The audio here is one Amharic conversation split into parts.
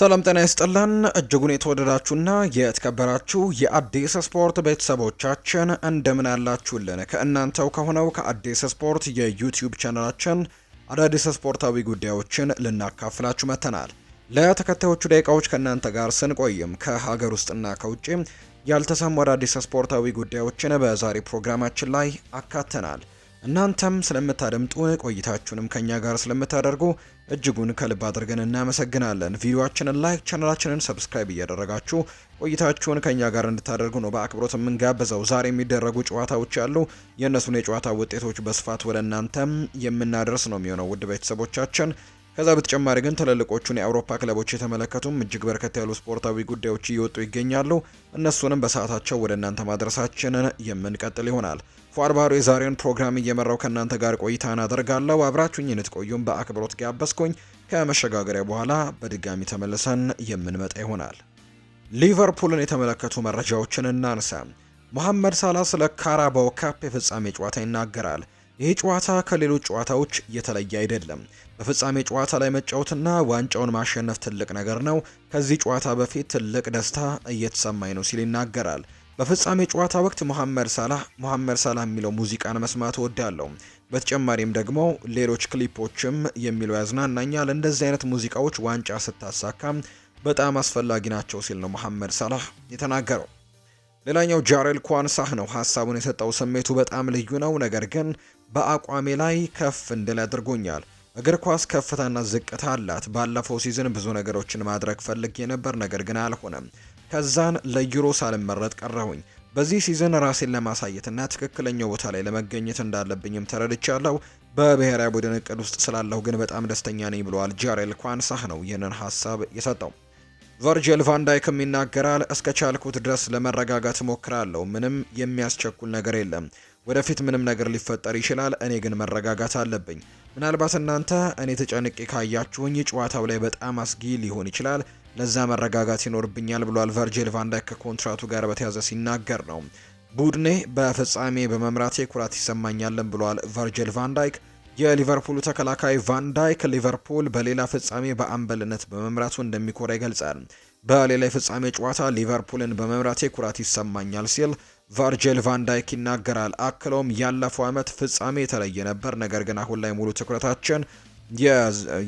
ሰላም ጤና ይስጥልን እጅጉን የተወደዳችሁና የተከበራችሁ የአዲስ ስፖርት ቤተሰቦቻችን እንደምን አላችሁልን? ከእናንተው ከሆነው ከአዲስ ስፖርት የዩቲዩብ ቻናላችን አዳዲስ ስፖርታዊ ጉዳዮችን ልናካፍላችሁ መጥተናል። ለተከታዮቹ ደቂቃዎች ከእናንተ ጋር ስንቆይም ከሀገር ውስጥና ከውጭ ያልተሰሙ አዳዲስ ስፖርታዊ ጉዳዮችን በዛሬ ፕሮግራማችን ላይ አካተናል። እናንተም ስለምታደምጡ ቆይታችሁንም ከኛ ጋር ስለምታደርጉ እጅጉን ከልብ አድርገን እናመሰግናለን። ቪዲዮአችንን ላይክ፣ ቻናላችንን ሰብስክራይብ እያደረጋችሁ ቆይታችሁን ከኛ ጋር እንድታደርጉ ነው በአክብሮት የምንጋብዘው። ዛሬ የሚደረጉ ጨዋታዎች አሉ። የእነሱን የጨዋታ ውጤቶች በስፋት ወደ እናንተም የምናደርስ ነው የሚሆነው ውድ ቤተሰቦቻችን ከዛ በተጨማሪ ግን ትልልቆቹን የአውሮፓ ክለቦች የተመለከቱም እጅግ በርከት ያሉ ስፖርታዊ ጉዳዮች እየወጡ ይገኛሉ። እነሱንም በሰዓታቸው ወደ እናንተ ማድረሳችንን የምንቀጥል ይሆናል። ፏር ባህሩ የዛሬውን ፕሮግራም እየመራው ከእናንተ ጋር ቆይታን አደርጋለሁ። አብራችሁኝ እንድትቆዩም በአክብሮት ጋበዝኩኝ። ከመሸጋገሪያ በኋላ በድጋሚ ተመልሰን የምንመጣ ይሆናል። ሊቨርፑልን የተመለከቱ መረጃዎችን እናንሳ። መሐመድ ሳላ ስለ ካራባው ካፕ የፍጻሜ ጨዋታ ይናገራል። ይህ ጨዋታ ከሌሎች ጨዋታዎች የተለየ አይደለም። በፍጻሜ ጨዋታ ላይ መጫወትና ዋንጫውን ማሸነፍ ትልቅ ነገር ነው። ከዚህ ጨዋታ በፊት ትልቅ ደስታ እየተሰማኝ ነው ሲል ይናገራል። በፍጻሜ ጨዋታ ወቅት መሐመድ ሳላህ መሐመድ ሳላህ የሚለው ሙዚቃን መስማት እወዳለሁ። በተጨማሪም ደግሞ ሌሎች ክሊፖችም የሚለው ያዝናናኛል። እንደዚህ አይነት ሙዚቃዎች ዋንጫ ስታሳካ በጣም አስፈላጊ ናቸው ሲል ነው መሐመድ ሳላህ የተናገረው። ሌላኛው ጃሬል ኳንሳህ ነው ሀሳቡን የሰጠው። ስሜቱ በጣም ልዩ ነው፣ ነገር ግን በአቋሜ ላይ ከፍ እንድል አድርጎኛል። እግር ኳስ ከፍታና ዝቅታ አላት። ባለፈው ሲዝን ብዙ ነገሮችን ማድረግ ፈልጌ ነበር፣ ነገር ግን አልሆነም። ከዛን ለዩሮ ሳልመረጥ ቀረሁኝ። በዚህ ሲዝን ራሴን ለማሳየትና ትክክለኛው ቦታ ላይ ለመገኘት እንዳለብኝም ተረድቻለሁ። በብሔራዊ ቡድን እቅድ ውስጥ ስላለሁ ግን በጣም ደስተኛ ነኝ ብለዋል። ጃሬል ኳንሳህ ነው ይህንን ሀሳብ የሰጠው። ቨርጅል ቫንዳይክም ይናገራል። እስከ ቻልኩት ድረስ ለመረጋጋት እሞክራለሁ። ምንም የሚያስቸኩል ነገር የለም። ወደፊት ምንም ነገር ሊፈጠር ይችላል። እኔ ግን መረጋጋት አለብኝ። ምናልባት እናንተ እኔ ተጨንቄ ካያችሁኝ ጨዋታው ላይ በጣም አስጊ ሊሆን ይችላል። ለዛ መረጋጋት ይኖርብኛል ብሏል ቨርጂል ቫንዳይክ ከኮንትራቱ ጋር በተያዘ ሲናገር ነው። ቡድኔ በፍጻሜ በመምራቴ ኩራት ይሰማኛልን ብሏል ቨርጂል ቫንዳይክ። የሊቨርፑሉ ተከላካይ ቫንዳይክ ሊቨርፑል በሌላ ፍጻሜ በአምበልነት በመምራቱ እንደሚኮራ ይገልጻል። በሌላ የፍጻሜ ጨዋታ ሊቨርፑልን በመምራቴ ኩራት ይሰማኛል ሲል ቨርጅል ቫንዳይክ ይናገራል። አክለውም ያለፈው ዓመት ፍጻሜ የተለየ ነበር፣ ነገር ግን አሁን ላይ ሙሉ ትኩረታችን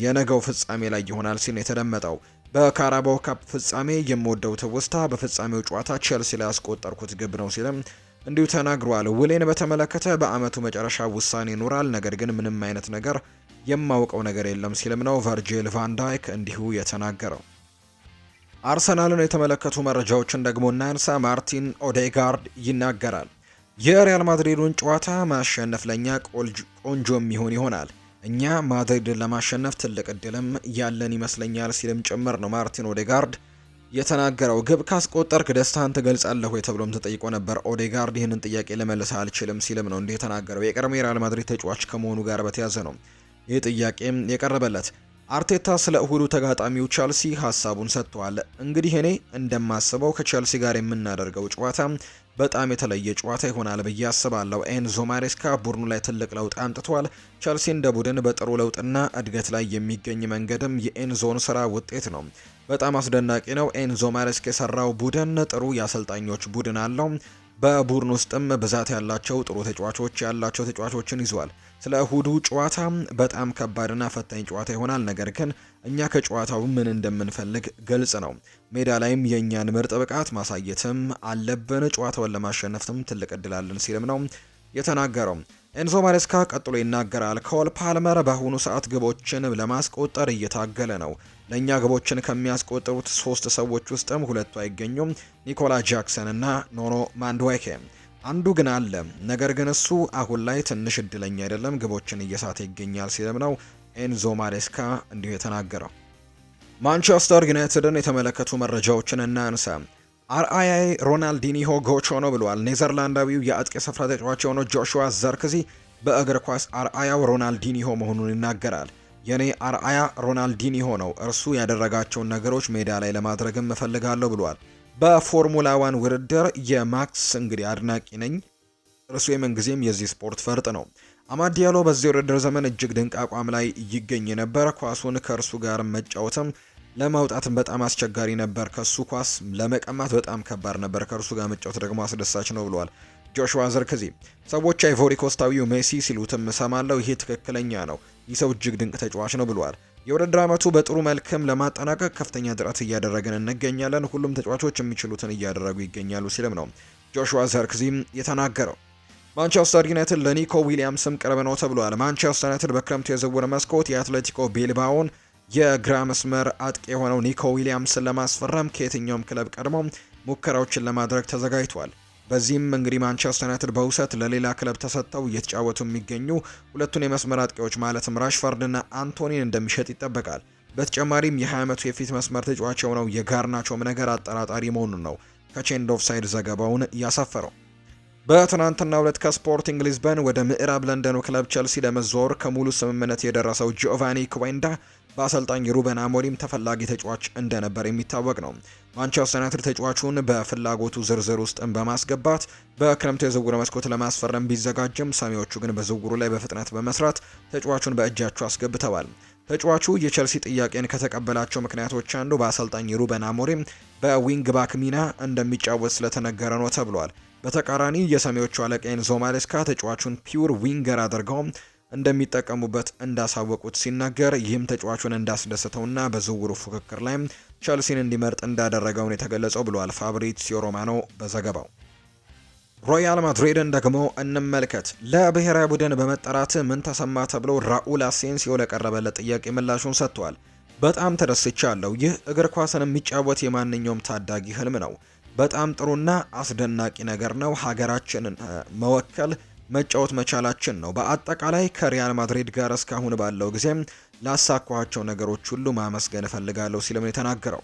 የነገው ፍጻሜ ላይ ይሆናል ሲል የተደመጠው በካራባው ካፕ ፍጻሜ የምወደው ትውስታ በፍጻሜው ጨዋታ ቼልሲ ላይ ያስቆጠርኩት ግብ ነው ሲልም እንዲሁ ተናግሯል። ውሌን በተመለከተ በአመቱ መጨረሻ ውሳኔ ይኖራል፣ ነገር ግን ምንም አይነት ነገር የማውቀው ነገር የለም ሲልም ነው ቨርጂል ቫንዳይክ እንዲሁ የተናገረው። አርሰናልን የተመለከቱ መረጃዎችን ደግሞ እናንሳ። ማርቲን ኦዴጋርድ ይናገራል። የሪያል ማድሪዱን ጨዋታ ማሸነፍ ለእኛ ቆንጆ የሚሆን ይሆናል። እኛ ማድሪድን ለማሸነፍ ትልቅ እድልም ያለን ይመስለኛል ሲልም ጭምር ነው ማርቲን ኦዴጋርድ የተናገረው። ግብ ካስቆጠርክ ደስታን ትገልጻለሁ የተብሎም ተጠይቆ ነበር። ኦዴጋርድ ይህንን ጥያቄ ልመልስ አልችልም ሲልም ነው እንዲህ የተናገረው። የቀድሞ የሪያል ማድሪድ ተጫዋች ከመሆኑ ጋር በተያዘ ነው ይህ ጥያቄም የቀረበለት። አርቴታ ስለ እሁዱ ተጋጣሚው ቸልሲ ሀሳቡን ሰጥቷል። እንግዲህ እኔ እንደማስበው ከቸልሲ ጋር የምናደርገው ጨዋታ በጣም የተለየ ጨዋታ ይሆናል ብዬ አስባለሁ። ኤንዞ ማሬስካ ቡድኑ ላይ ትልቅ ለውጥ አምጥቷል። ቸልሲ እንደ ቡድን በጥሩ ለውጥና እድገት ላይ የሚገኝ መንገድም የኤንዞን ስራ ውጤት ነው። በጣም አስደናቂ ነው። ኤንዞ ማሬስካ የሰራው ቡድን ጥሩ የአሰልጣኞች ቡድን አለው። በቡድን ውስጥም ብዛት ያላቸው ጥሩ ተጫዋቾች ያላቸው ተጫዋቾችን ይዟል። ስለ እሁዱ ጨዋታ በጣም ከባድና ፈታኝ ጨዋታ ይሆናል፣ ነገር ግን እኛ ከጨዋታው ምን እንደምንፈልግ ግልጽ ነው። ሜዳ ላይም የእኛን ምርጥ ብቃት ማሳየትም አለብን። ጨዋታውን ለማሸነፍትም ትልቅ እድል አለን ሲልም ነው የተናገረው። ኤንዞ ማሬስካ ቀጥሎ ይናገራል። ኮል ፓልመር በአሁኑ ሰዓት ግቦችን ለማስቆጠር እየታገለ ነው። ለእኛ ግቦችን ከሚያስቆጥሩት ሶስት ሰዎች ውስጥም ሁለቱ አይገኙም፣ ኒኮላ ጃክሰን እና ኖኖ ማንድዌኬ። አንዱ ግን አለ፣ ነገር ግን እሱ አሁን ላይ ትንሽ እድለኛ አይደለም፣ ግቦችን እየሳተ ይገኛል ሲልም ነው ኤንዞ ማሬስካ እንዲሁ የተናገረው። ማንቸስተር ዩናይትድን የተመለከቱ መረጃዎችን እናንሳ። አርአያዬ ሮናልዲኒሆ ጎቾ ነው ብሏል። ኔዘርላንዳዊው የአጥቂ ስፍራ ተጫዋች የሆነው ጆሹዋ ዘርክዚ በእግር ኳስ አርአያው ሮናልዲኒሆ መሆኑን ይናገራል። የኔ አርአያ ሮናልዲኒሆ ነው። እርሱ ያደረጋቸውን ነገሮች ሜዳ ላይ ለማድረግም እፈልጋለሁ ብሏል። በፎርሙላ ዋን ውድድር የማክስ እንግዲህ አድናቂ ነኝ። እርሱ የምንጊዜም የዚህ ስፖርት ፈርጥ ነው። አማዲያሎ በዚህ ውድድር ዘመን እጅግ ድንቅ አቋም ላይ ይገኝ ነበር። ኳሱን ከእርሱ ጋር መጫወትም ለማውጣትም በጣም አስቸጋሪ ነበር። ከሱ ኳስ ለመቀማት በጣም ከባድ ነበር። ከእርሱ ጋር መጫወት ደግሞ አስደሳች ነው ብሏል። ጆሹዋ ዝርክዚ ሰዎች ኮስታዊ ሜሲ ሲሉትም እሰማለሁ። ይሄ ትክክለኛ ነው። ይህ ሰው እጅግ ድንቅ ተጫዋች ነው ብሏል። የውድድር ዓመቱ በጥሩ መልክም ለማጠናቀቅ ከፍተኛ ጥረት እያደረግን እንገኛለን። ሁሉም ተጫዋቾች የሚችሉትን እያደረጉ ይገኛሉ ሲልም ነው ጆሹዋ ዘርክዚም የተናገረው። ማንቸስተር ዩናይትድ ለኒኮ ዊሊያምስም ቅርብ ነው ተብሏል። ማንቸስተር ዩናይትድ በክረምቱ የዝውውር መስኮት የአትሌቲኮ ቤልባውን የግራ መስመር አጥቂ የሆነው ኒኮ ዊሊያምስን ለማስፈረም ከየትኛውም ክለብ ቀድሞ ሙከራዎችን ለማድረግ ተዘጋጅቷል። በዚህም እንግዲህ ማንቸስተር ዩናይትድ በውሰት ለሌላ ክለብ ተሰጥተው እየተጫወቱ የሚገኙ ሁለቱን የመስመር አጥቂዎች ማለትም ራሽፈርድና አንቶኒን እንደሚሸጥ ይጠበቃል። በተጨማሪም የ20 ዓመቱ የፊት መስመር ተጫዋች የሆነው የጋርናቸውም ነገር አጠራጣሪ መሆኑን ነው ከቼንድ ኦፍ ሳይድ ዘገባውን ያሰፈረው። በትናንትናው ዕለት ከስፖርቲንግ ሊዝበን ወደ ምዕራብ ለንደኑ ክለብ ቸልሲ ለመዘዋወር ከሙሉ ስምምነት የደረሰው ጂኦቫኒ ኩዌንዳ በአሰልጣኝ ሩበን አሞሪም ተፈላጊ ተጫዋች እንደነበር የሚታወቅ ነው። ማንቸስተር ዩናይትድ ተጫዋቹን በፍላጎቱ ዝርዝር ውስጥም በማስገባት በክረምቱ የዝውውር መስኮት ለማስፈረም ቢዘጋጅም ሰሚዎቹ ግን በዝውውሩ ላይ በፍጥነት በመስራት ተጫዋቹን በእጃቸው አስገብተዋል። ተጫዋቹ የቸልሲ ጥያቄን ከተቀበላቸው ምክንያቶች አንዱ በአሰልጣኝ ሩበን አሞሪም በዊንግ ባክ ሚና እንደሚጫወት ስለተነገረ ነው ተብሏል። በተቃራኒ የሰሜዎቹ አለቃ ኤንዞ ማሬስካ ተጫዋቹን ፒውር ዊንገር አድርገውም እንደሚጠቀሙበት እንዳሳወቁት ሲናገር ይህም ተጫዋቹን እንዳስደሰተውና በዝውውሩ ፉክክር ላይም ቸልሲን እንዲመርጥ እንዳደረገውን የተገለጸው ብሏል ፋብሪሲዮ ሮማኖ በዘገባው። ሮያል ማድሪድን ደግሞ እንመልከት። ለብሔራዊ ቡድን በመጠራት ምን ተሰማ ተብሎ ራኡል አሴንሲዮ ለቀረበለት ጥያቄ ምላሹን ሰጥቷል። በጣም ተደስቻለሁ። ይህ እግር ኳስን የሚጫወት የማንኛውም ታዳጊ ህልም ነው። በጣም ጥሩና አስደናቂ ነገር ነው። ሀገራችንን መወከል መጫወት መቻላችን ነው። በአጠቃላይ ከሪያል ማድሪድ ጋር እስካሁን ባለው ጊዜ ላሳኳቸው ነገሮች ሁሉ ማመስገን እፈልጋለሁ ሲልም ነው የተናገረው።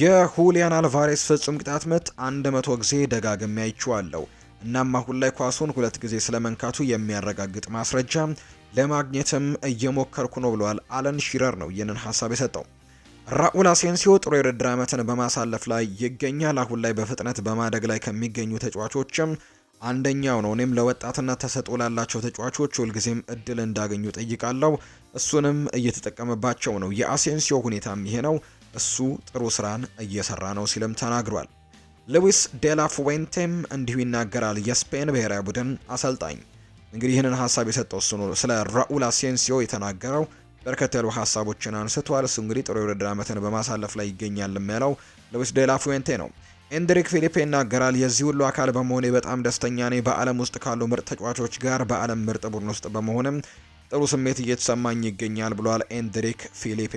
የሁሊያን አልቫሬስ ፍጹም ቅጣት ምት 100 ጊዜ ደጋግሜ አይቼዋለሁ። እናም አሁን ላይ ኳሱን ሁለት ጊዜ ስለመንካቱ የሚያረጋግጥ ማስረጃ ለማግኘትም እየሞከርኩ ነው ብለዋል። አለን ሺረር ነው ይህንን ሀሳብ የሰጠው። ራኡል አሴንሲዮ ጥሩ የውድድር ዓመትን በማሳለፍ ላይ ይገኛል። አሁን ላይ በፍጥነት በማደግ ላይ ከሚገኙ ተጫዋቾችም አንደኛው ነው። እኔም ለወጣትና ተሰጥኦ ላላቸው ተጫዋቾች ሁልጊዜም እድል እንዳገኙ ጠይቃለሁ። እሱንም እየተጠቀመባቸው ነው። የአሴንሲዮ ሁኔታም ይሄ ነው። እሱ ጥሩ ስራን እየሰራ ነው ሲልም ተናግሯል። ሉዊስ ዴላ ፉዌንቴም እንዲሁ ይናገራል። የስፔን ብሔራዊ ቡድን አሰልጣኝ እንግዲህ ይህንን ሀሳብ የሰጠው እሱ ነው። ስለ ራኡል አሴንሲዮ የተናገረው በርከት ያሉ ሀሳቦችን አንስቷል። እሱ እንግዲህ ጥሩ የውድድር ዓመትን በማሳለፍ ላይ ይገኛል የሚያለው ሉዊስ ዴላ ፉዌንቴ ነው። ኤንድሪክ ፊሊፔ ይናገራል። የዚህ ሁሉ አካል በመሆኔ በጣም ደስተኛ ነኝ። በዓለም ውስጥ ካሉ ምርጥ ተጫዋቾች ጋር በዓለም ምርጥ ቡድን ውስጥ በመሆንም ጥሩ ስሜት እየተሰማኝ ይገኛል ብሏል ኤንድሪክ ፊሊፔ።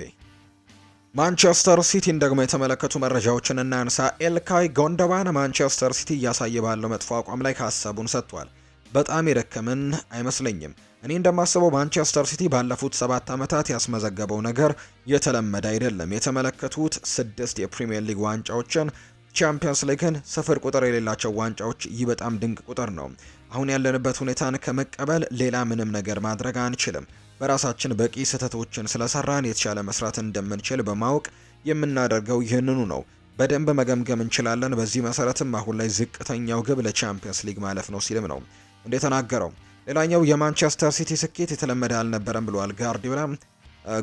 ማንቸስተር ሲቲን ደግሞ የተመለከቱ መረጃዎችን እናንሳ። ኤልካይ ጎንደባን ማንቸስተር ሲቲ እያሳየ ባለው መጥፎ አቋም ላይ ሀሳቡን ሰጥቷል። በጣም የደከምን አይመስለኝም። እኔ እንደማስበው ማንቸስተር ሲቲ ባለፉት ሰባት ዓመታት ያስመዘገበው ነገር የተለመደ አይደለም። የተመለከቱት ስድስት የፕሪምየር ሊግ ዋንጫዎችን ቻምፒየንስ ሊግን ስፍር ቁጥር የሌላቸው ዋንጫዎች ይህ በጣም ድንቅ ቁጥር ነው። አሁን ያለንበት ሁኔታን ከመቀበል ሌላ ምንም ነገር ማድረግ አንችልም። በራሳችን በቂ ስህተቶችን ስለሰራን የተሻለ መስራት እንደምንችል በማወቅ የምናደርገው ይህንኑ ነው። በደንብ መገምገም እንችላለን። በዚህ መሰረትም አሁን ላይ ዝቅተኛው ግብ ለቻምፒየንስ ሊግ ማለፍ ነው ሲልም ነው እንደተናገረው። ሌላኛው የማንቸስተር ሲቲ ስኬት የተለመደ አልነበረም ብለዋል ጋርዲዮላ።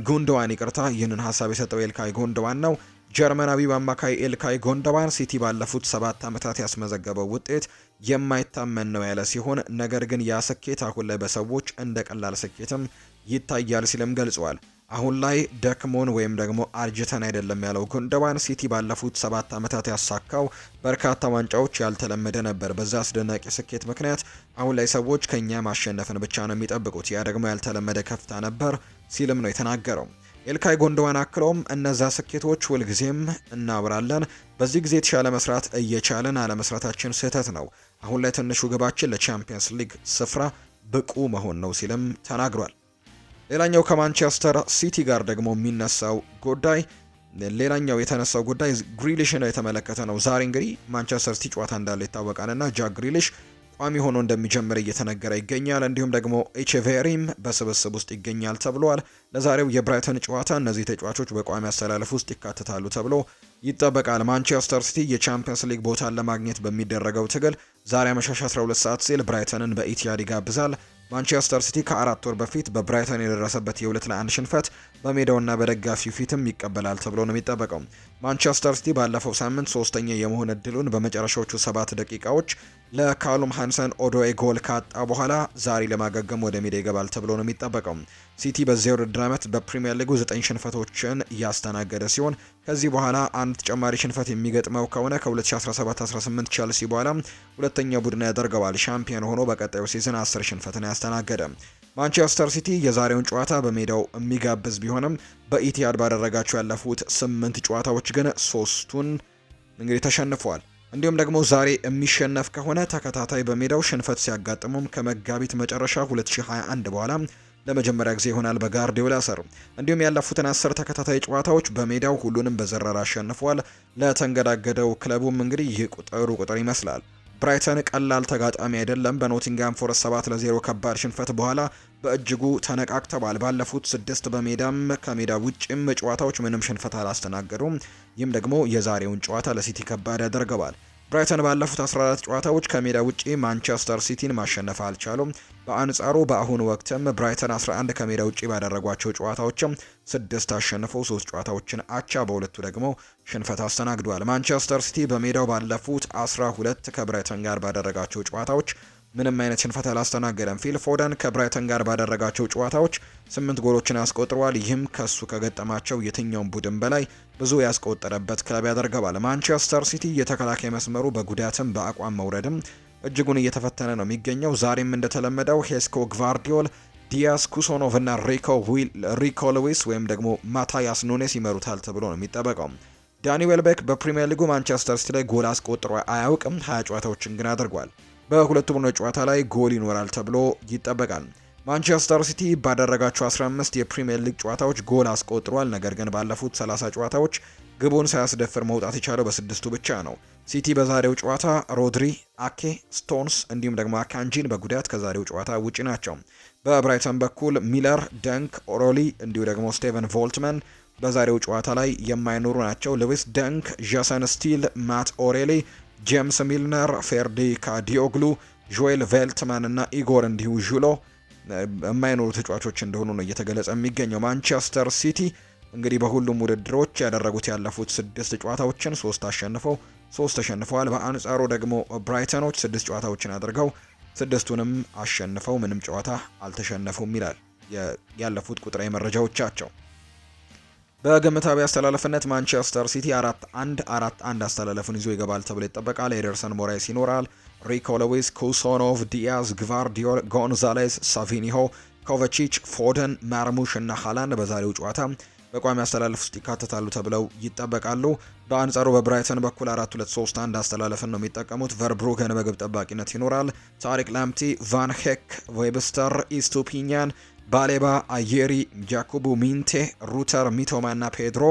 ጉንደዋን ይቅርታ፣ ይህንን ሀሳብ የሰጠው ኤልካይ ጉንዶዋን ነው። ጀርመናዊው አማካይ ኤልካይ ጎንደባን ሲቲ ባለፉት ሰባት ዓመታት ያስመዘገበው ውጤት የማይታመን ነው ያለ ሲሆን ነገር ግን ያ ስኬት አሁን ላይ በሰዎች እንደ ቀላል ስኬትም ይታያል ሲልም ገልጿል። አሁን ላይ ደክሞን ወይም ደግሞ አርጅተን አይደለም ያለው ጎንደባን ሲቲ ባለፉት ሰባት ዓመታት ያሳካው በርካታ ዋንጫዎች ያልተለመደ ነበር። በዛ አስደናቂ ስኬት ምክንያት አሁን ላይ ሰዎች ከእኛ ማሸነፍን ብቻ ነው የሚጠብቁት። ያ ደግሞ ያልተለመደ ከፍታ ነበር ሲልም ነው የተናገረው። ኤልካይ ጎንደዋን አክለውም እነዛ ስኬቶች ሁልጊዜም እናብራለን። በዚህ ጊዜ የተሻለ መስራት እየቻለን አለመስራታችን ስህተት ነው። አሁን ላይ ትንሹ ግባችን ለቻምፒየንስ ሊግ ስፍራ ብቁ መሆን ነው ሲልም ተናግሯል። ሌላኛው ከማንቸስተር ሲቲ ጋር ደግሞ የሚነሳው ጉዳይ ሌላኛው የተነሳው ጉዳይ ግሪሊሽን የተመለከተ ነው። ዛሬ እንግዲህ ማንቸስተር ሲቲ ጨዋታ እንዳለ ይታወቃልና ጃክ ግሪሊሽ ቋሚ ሆኖ እንደሚጀምር እየተነገረ ይገኛል። እንዲሁም ደግሞ ኤችቬሪም በስብስብ ውስጥ ይገኛል ተብሏል። ለዛሬው የብራይተን ጨዋታ እነዚህ ተጫዋቾች በቋሚ አሰላለፍ ውስጥ ይካተታሉ ተብሎ ይጠበቃል። ማንቸስተር ሲቲ የቻምፒየንስ ሊግ ቦታን ለማግኘት በሚደረገው ትግል ዛሬ አመሻሽ 12 ሰዓት ሲል ብራይተንን በኢትያድ ይጋብዛል። ማንቸስተር ሲቲ ከአራት ወር በፊት በብራይተን የደረሰበት የሁለት ለአንድ ሽንፈት በሜዳውና በደጋፊው ፊትም ይቀበላል ተብሎ ነው የሚጠበቀው። ማንቸስተር ሲቲ ባለፈው ሳምንት ሶስተኛ የመሆን እድሉን በመጨረሻዎቹ ሰባት ደቂቃዎች ለካሉም ሃንሰን ኦዶኤ ጎል ካጣ በኋላ ዛሬ ለማገገም ወደ ሜዳ ይገባል ተብሎ ነው የሚጠበቀው። ሲቲ በዚያ ውድድር ዓመት በፕሪምየር ሊጉ ዘጠኝ ሽንፈቶችን እያስተናገደ ሲሆን ከዚህ በኋላ አንድ ተጨማሪ ሽንፈት የሚገጥመው ከሆነ ከ2017-18 በኋላ ሁለተኛ ቡድን ያደርገዋል። ሻምፒዮን ሆኖ በቀጣዩ ሲዝን አስር ሽንፈትን ያስተናገደ ማንቸስተር ሲቲ የዛሬውን ጨዋታ በሜዳው የሚጋብዝ ቢሆንም በኢቲያድ ባደረጋቸው ያለፉት ስምንት ጨዋታዎች ግን ሶስቱን እንግዲህ ተሸንፈዋል። እንዲሁም ደግሞ ዛሬ የሚሸነፍ ከሆነ ተከታታይ በሜዳው ሽንፈት ሲያጋጥሙም ከመጋቢት መጨረሻ 2021 በኋላ ለመጀመሪያ ጊዜ ይሆናል በጋርዲዮላ ስር። እንዲሁም ያለፉትን አስር ተከታታይ ጨዋታዎች በሜዳው ሁሉንም በዘረራ አሸንፏል። ለተንገዳገደው ክለቡም እንግዲህ ይህ ቁጥሩ ቁጥር ይመስላል። ብራይተን ቀላል ተጋጣሚ አይደለም። በኖቲንጋም ፎረስት 7 ለ0 ከባድ ሽንፈት በኋላ በእጅጉ ተነቃቅተዋል። ባለፉት ስድስት በሜዳም ከሜዳ ውጭም ጨዋታዎች ምንም ሽንፈት አላስተናገዱም። ይህም ደግሞ የዛሬውን ጨዋታ ለሲቲ ከባድ ያደርገዋል። ብራይተን ባለፉት 14 ጨዋታዎች ከሜዳ ውጪ ማንቸስተር ሲቲን ማሸነፍ አልቻሉም። በአንጻሩ በአሁኑ ወቅትም ብራይተን 11 ከሜዳ ውጪ ባደረጓቸው ጨዋታዎችም ስድስት አሸንፈው ሶስት ጨዋታዎችን አቻ በሁለቱ ደግሞ ሽንፈት አስተናግዷል። ማንቸስተር ሲቲ በሜዳው ባለፉት 12 ከብራይተን ጋር ባደረጋቸው ጨዋታዎች ምንም አይነት ሽንፈት አላስተናገደም። ፊል ፎደን ከብራይተን ጋር ባደረጋቸው ጨዋታዎች ስምንት ጎሎችን አስቆጥሯል። ይህም ከሱ ከገጠማቸው የትኛውም ቡድን በላይ ብዙ ያስቆጠረበት ክለብ ያደርገዋል። ማንቸስተር ሲቲ የተከላካይ መስመሩ በጉዳትም በአቋም መውረድም እጅጉን እየተፈተነ ነው የሚገኘው። ዛሬም እንደተለመደው ሄስኮ ግቫርዲዮል ዲያስ ኩሶኖቭ እና ሪኮ ሉዊስ ወይም ደግሞ ማታያስ ኑኔስ ይመሩታል ተብሎ ነው የሚጠበቀው። ዳኒ ዌልቤክ በፕሪምየር ሊጉ ማንቸስተር ሲቲ ላይ ጎል አስቆጥሮ አያውቅም። ሀያ ጨዋታዎችን ግን አድርጓል። በሁለቱ ቡድኖች ጨዋታ ላይ ጎል ይኖራል ተብሎ ይጠበቃል። ማንቸስተር ሲቲ ባደረጋቸው 15 የፕሪምየር ሊግ ጨዋታዎች ጎል አስቆጥሯል። ነገር ግን ባለፉት 30 ጨዋታዎች ግቡን ሳያስደፍር መውጣት የቻለው በስድስቱ ብቻ ነው። ሲቲ በዛሬው ጨዋታ ሮድሪ፣ አኬ፣ ስቶንስ እንዲሁም ደግሞ አካንጂን በጉዳት ከዛሬው ጨዋታ ውጪ ናቸው። በብራይተን በኩል ሚለር፣ ደንክ፣ ኦሮሊ እንዲሁ ደግሞ ስቴቨን ቮልትመን በዛሬው ጨዋታ ላይ የማይኖሩ ናቸው። ሉዊስ ደንክ፣ ዣሰን ስቲል፣ ማት ኦሬሊ ጄምስ ሚልነር፣ ፌርዲ ካዲዮግሉ፣ ጆኤል ቬልትማን እና ኢጎር እንዲሁ ዥሎ የማይኖሩ ተጫዋቾች እንደሆኑ ነው እየተገለጸ የሚገኘው። ማንቸስተር ሲቲ እንግዲህ በሁሉም ውድድሮች ያደረጉት ያለፉት ስድስት ጨዋታዎችን ሶስት አሸንፈው ሶስት ተሸንፈዋል። በአንጻሩ ደግሞ ብራይተኖች ስድስት ጨዋታዎችን አድርገው ስድስቱንም አሸንፈው ምንም ጨዋታ አልተሸነፉም ይላል ያለፉት ቁጥራዊ መረጃዎቻቸው። በግምታዊ አስተላለፍነት ማንቸስተር ሲቲ አራት አንድ አራት አንድ አስተላለፍን ይዞ ይገባል ተብሎ ይጠበቃል። ኤደርሰን ሞራይስ ይኖራል። ሪኮ ሎዊስ፣ ኩሶኖቭ፣ ዲያዝ፣ ግቫርዲዮል፣ ጎንዛሌስ፣ ሳቪኒሆ፣ ኮቫቺች፣ ፎደን፣ ማርሙሽ እና ሃላንድ በዛሬው ጨዋታ በቋሚ አስተላለፍ ውስጥ ይካተታሉ ተብለው ይጠበቃሉ። በአንጻሩ በብራይተን በኩል 4-2-3-1 አስተላለፍን ነው የሚጠቀሙት። ቨርብሩገን በግብ ጠባቂነት ይኖራል። ታሪክ ላምቲ፣ ቫን ሄክ፣ ዌብስተር፣ ኢስቱፒኛን ባሌባ፣ አየሪ፣ ጃኮቡ ሚንቴ፣ ሩተር ሚቶማ ና ፔድሮ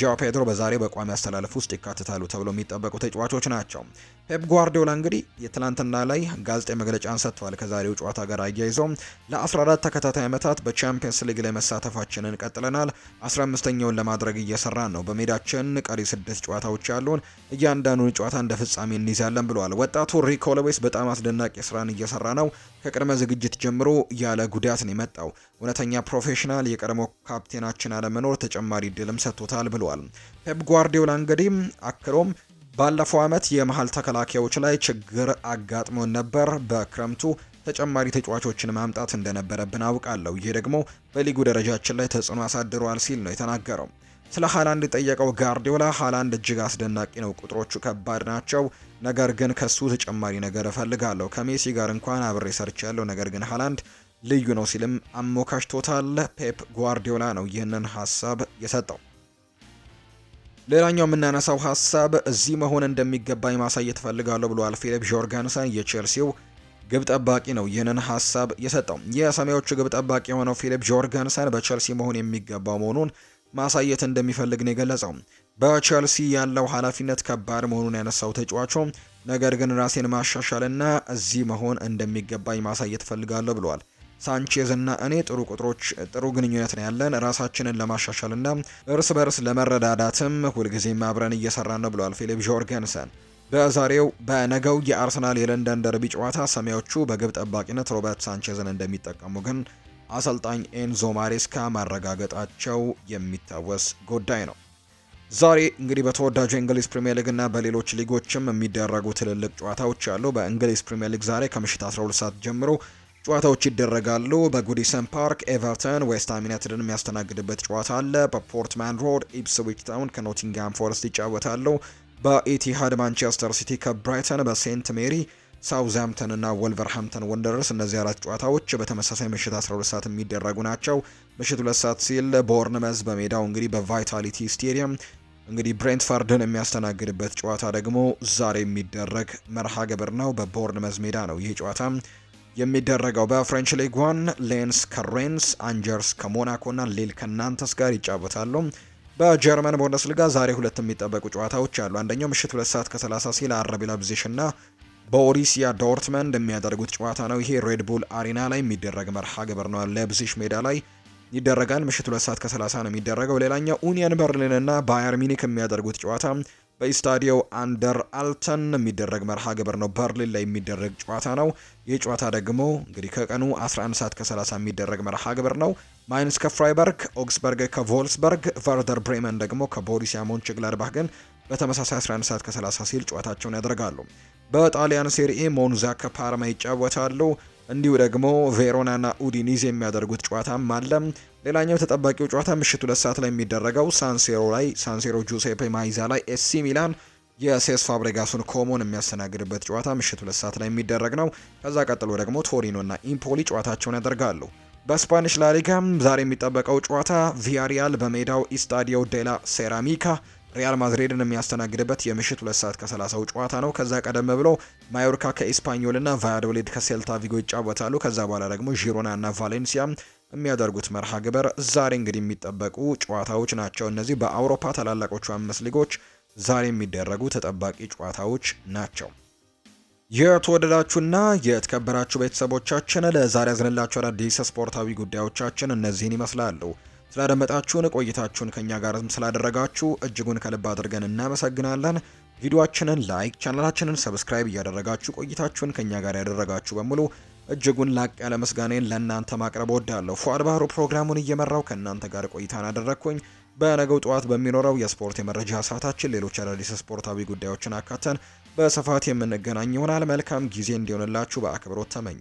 ጃ ፔድሮ በዛሬው በቋሚ አስተላለፍ ውስጥ ይካትታሉ ተብሎ የሚጠበቁ ተጫዋቾች ናቸው። ፔፕ ጓርዲዮላ እንግዲህ የትላንትና ላይ ጋዜጣዊ መግለጫን ሰጥቷል። ከዛሬው ጨዋታ ጋር አያይዘውም ለ14 ተከታታይ ዓመታት በቻምፒየንስ ሊግ ላይ መሳተፋችንን ቀጥለናል። 15ኛውን ለማድረግ እየሰራን ነው። በሜዳችን ቀሪ ስድስት ጨዋታዎች ያሉን፣ እያንዳንዱን ጨዋታ እንደ ፍጻሜ እንይዛለን ብለዋል። ወጣቱ ሪኮ ሎዌስ በጣም አስደናቂ ስራን እየሰራ ነው። ከቅድመ ዝግጅት ጀምሮ ያለ ጉዳት ነው የመጣው። እውነተኛ ፕሮፌሽናል የቀድሞ ካፕቴናችን አለመኖር ተጨማሪ ድልም ሰጥቶታል ብለዋል ፔፕ ጓርዲዮላ እንግዲህ አክሎም ባለፈው ዓመት የመሀል ተከላካዮች ላይ ችግር አጋጥሞን ነበር። በክረምቱ ተጨማሪ ተጫዋቾችን ማምጣት እንደነበረብን አውቃለሁ። ይህ ደግሞ በሊጉ ደረጃችን ላይ ተጽዕኖ አሳድሯል ሲል ነው የተናገረው። ስለ ሃላንድ የጠየቀው ጋርዲዮላ ሃላንድ እጅግ አስደናቂ ነው፣ ቁጥሮቹ ከባድ ናቸው፣ ነገር ግን ከሱ ተጨማሪ ነገር እፈልጋለሁ። ከሜሲ ጋር እንኳን አብሬ ያለው ነገር ግን ሃላንድ ልዩ ነው ሲልም አሞካሽቶታል። ፔፕ ጓርዲዮላ ነው ይህንን ሀሳብ የሰጠው። ሌላኛው የምናነሳው ሀሳብ እዚህ መሆን እንደሚገባኝ ማሳየት እፈልጋለሁ ብለዋል ፊሊፕ ጆርጋንሰን የቼልሲው ግብ ጠባቂ ነው ይህንን ሀሳብ የሰጠው። የሰማዮቹ ግብ ጠባቂ የሆነው ፊሊፕ ጆርጋንሰን በቸልሲ መሆን የሚገባው መሆኑን ማሳየት እንደሚፈልግ ነው የገለጸው። በቸልሲ ያለው ኃላፊነት ከባድ መሆኑን ያነሳው ተጫዋቹ ነገር ግን ራሴን ማሻሻልና እዚህ መሆን እንደሚገባኝ ማሳየት እፈልጋለሁ ብለዋል። ሳንቼዝ እና እኔ ጥሩ ቁጥሮች ጥሩ ግንኙነት ነው ያለን ራሳችንን እና እርስ በርስ ለመረዳዳትም ሁልጊዜም አብረን እየሰራን ነው ብለዋል ፊሊፕ ጆርገንሰን። በዛሬው በነገው የአርሰናል የለንደን ደርቢ ጨዋታ ሰማያዊዎቹ በግብ ጠባቂነት ሮበርት ሳንቼዝን እንደሚጠቀሙ ግን አሰልጣኝ ኤንዞ ማሬስካ ማረጋገጣቸው የሚታወስ ጉዳይ ነው። ዛሬ እንግዲህ በተወዳጁ የእንግሊዝ ፕሪምየር ሊግ እና በሌሎች ሊጎችም የሚደረጉ ትልልቅ ጨዋታዎች አሉ። በእንግሊዝ ፕሪምየር ሊግ ዛሬ ከምሽት 12 ሰዓት ጀምሮ ጨዋታዎች ይደረጋሉ። በጉዲሰን ፓርክ ኤቨርተን ዌስትሃም ዩናይትድን የሚያስተናግድበት ጨዋታ አለ። በፖርትማን ሮድ ኢፕስዊች ታውን ከኖቲንግሃም ፎረስት ይጫወታሉ። በኢቲሃድ ማንቸስተር ሲቲ ከብራይተን፣ በሴንት ሜሪ ሳውዝሃምተን እና ወልቨርሃምተን ወንደርስ እነዚህ አራት ጨዋታዎች በተመሳሳይ ምሽት 12 ሰዓት የሚደረጉ ናቸው። ምሽት ሁለት ሰዓት ሲል ቦርንመዝ በሜዳው እንግዲህ በቫይታሊቲ ስቴዲየም እንግዲህ ብሬንትፋርድን የሚያስተናግድበት ጨዋታ ደግሞ ዛሬ የሚደረግ መርሃ ግብር ነው። በቦርንመዝ ሜዳ ነው ይህ ጨዋታ የሚደረገው በፍሬንች ሊግ ዋን ሌንስ ከሬንስ፣ አንጀርስ ከሞናኮ ከሞናኮና ሊል ከናንተስ ጋር ይጫወታሉ። በጀርመን ቡንደስሊጋ ዛሬ ሁለት የሚጠበቁ ጨዋታዎች አሉ። አንደኛው ምሽት ሁለት ሰዓት ከ30 ሲል አረቢ ና በኦሪሲያ ዶርትመንድ የሚያደርጉት ጨዋታ ነው። ይሄ ሬድቡል አሪና ላይ የሚደረግ መርሃ ግብር ነው። ላይፕዚግ ሜዳ ላይ ይደረጋል። ምሽት ሁለት ሰዓት ከ30 ነው የሚደረገው። ሌላኛው ኡኒየን በርሊን ና ባየር ሚኒክ የሚያደርጉት ጨዋታ በስታዲዮ አንደር አልተን የሚደረግ መርሃ ግብር ነው። በርሊን ላይ የሚደረግ ጨዋታ ነው። ይህ ጨዋታ ደግሞ እንግዲህ ከቀኑ 11 ሰዓት ከ30 የሚደረግ መርሃ ግብር ነው። ማይንስ ከፍራይበርግ፣ ኦግስበርግ ከቮልስበርግ፣ ቨርደር ብሬመን ደግሞ ከቦሩሲያ ሞንችግላድባህ ግን በተመሳሳይ 11 ሰዓት ከ30 ሲል ጨዋታቸውን ያደርጋሉ። በጣሊያን ሴሪኤ ሞንዛ ከፓርማ ይጫወታሉ። እንዲሁ ደግሞ ቬሮናና ኡዲኒዝ የሚያደርጉት ጨዋታም አለ። ሌላኛው ተጠባቂው ጨዋታ ምሽት ሁለት ሰዓት ላይ የሚደረገው ሳንሴሮ ላይ ሳንሴሮ ጁሴፔ ማይዛ ላይ ኤሲ ሚላን የሴስ ፋብሬጋሱን ኮሞን የሚያስተናግድበት ጨዋታ ምሽት ሁለት ሰዓት ላይ የሚደረግ ነው። ከዛ ቀጥሎ ደግሞ ቶሪኖና ኢምፖሊ ጨዋታቸውን ያደርጋሉ። በስፓኒሽ ላሊጋም ዛሬ የሚጠበቀው ጨዋታ ቪያሪያል በሜዳው ኢስታዲዮ ዴላ ሴራሚካ ሪያል ማድሪድን የሚያስተናግድበት የምሽት ሁለት ሰዓት ከሰላሳው ጨዋታ ነው። ከዛ ቀደም ብሎ ማዮርካ ከኢስፓኞልና ቫያዶሊድ ከሴልታ ቪጎ ይጫወታሉ። ከዛ በኋላ ደግሞ ዢሮና እና ቫሌንሲያ የሚያደርጉት መርሃ ግበር ዛሬ እንግዲህ የሚጠበቁ ጨዋታዎች ናቸው። እነዚህ በአውሮፓ ታላላቆቹ አምስት ሊጎች ዛሬ የሚደረጉ ተጠባቂ ጨዋታዎች ናቸው። የተወደዳችሁና የተከበራችሁ ቤተሰቦቻችን ለዛሬ ያዝንላችሁ አዳዲስ ስፖርታዊ ጉዳዮቻችን እነዚህን ይመስላሉ። ስላደመጣችሁን ቆይታችሁን ከኛ ጋርም ስላደረጋችሁ እጅጉን ከልብ አድርገን እናመሰግናለን። ቪዲዮአችንን ላይክ፣ ቻናላችንን ሰብስክራይብ እያደረጋችሁ ቆይታችሁን ከኛ ጋር ያደረጋችሁ በሙሉ እጅጉን ላቅ ያለ ምስጋኔን ለእናንተ ማቅረብ ወዳለሁ። ፉአድ ባህሩ ፕሮግራሙን እየመራው ከእናንተ ጋር ቆይታን አደረግኩኝ። በነገው ጠዋት በሚኖረው የስፖርት የመረጃ ሰዓታችን ሌሎች አዳዲስ ስፖርታዊ ጉዳዮችን አካተን በስፋት የምንገናኝ ይሆናል። መልካም ጊዜ እንዲሆንላችሁ በአክብሮት ተመኘ።